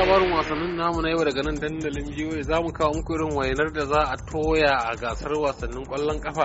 labarin wasannin namu na yau daga nan dandalin biyu za mu kawo muku irin wayanar da za a toya a gasar wasannin kwallon kafa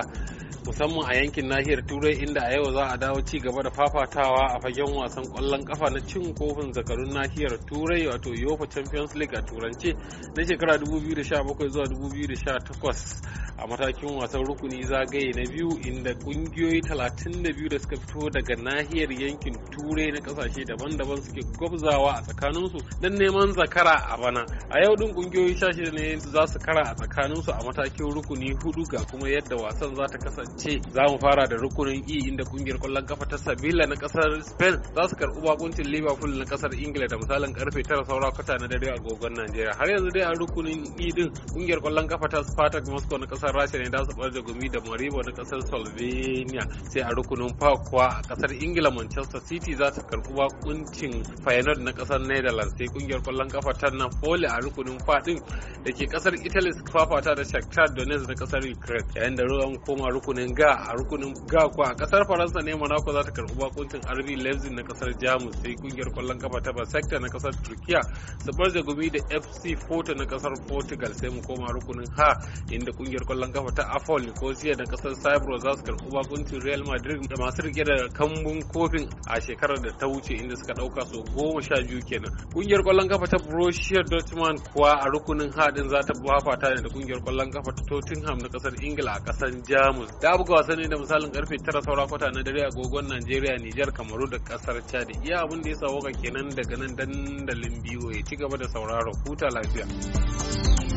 musamman a yankin nahiyar turai inda a yau za a dawo ci gaba da fafatawa a fagen wasan kwallon kafa na cin kofin zakarun nahiyar turai wato yofa champions league a turance na shekara 2017 zuwa 2018 a matakin wasan rukuni zagaye na biyu inda kungiyoyi 32 da suka fito daga nahiyar yankin turai na kasashe daban-daban suke gwabzawa a tsakaninsu don neman zaman zakara a bana a yau din kungiyoyi sha shida ne za su kara a tsakanin su a matakin rukuni hudu ga kuma yadda wasan za ta kasance za mu fara da rukunin e inda kungiyar kwallon kafa ta sabila na kasar spain za su karbi bakuncin liverpool na kasar ingila da misalin karfe tara saura kwata na dare a gogon najeriya har yanzu dai a rukunin e din kungiyar kwallon kafa ta spartak moscow na kasar rasha ne za su barje gumi da maribo na kasar slovenia sai a rukunin fa kuwa a kasar ingila manchester city za ta karbi bakuncin feyenoord na kasar netherlands sai kungiyar kwallon kafa ta Napoli a rukunin fadin da ke kasar Italy suka fafata da Shakhtar Donetsk na kasar Ukraine yayin da ruwan koma rukunin ga a rukunin ga kuwa a kasar Faransa ne Monaco za ta karbi bakuncin RB Leipzig na kasar Jamus sai kungiyar kwallon kafa ta Basakta na kasar Turkiya su bar da gumi da FC Porto na kasar Portugal sai mu koma rukunin ha inda kungiyar kwallon kafa ta Afol Nicosia na kasar Cyprus za su karbi bakuncin Real Madrid da masu rike da kambun kofin a shekarar da ta wuce inda suka dauka so goma sha biyu kenan kungiyar kwallon kafa kafa ta Borussia Dortmund kuwa a rukunin haɗin za ta ne da kungiyar kwallon kafa ta Tottenham na kasar Ingila a kasar Jamus. Da buga wasanni da misalin karfe 9 saura kwata na dare agogon Najeriya, Nijar, Kamaru da kasar Chad. Iya abin da ya sauka kenan daga nan dandalin biyu ya ci gaba da sauraro huta lafiya.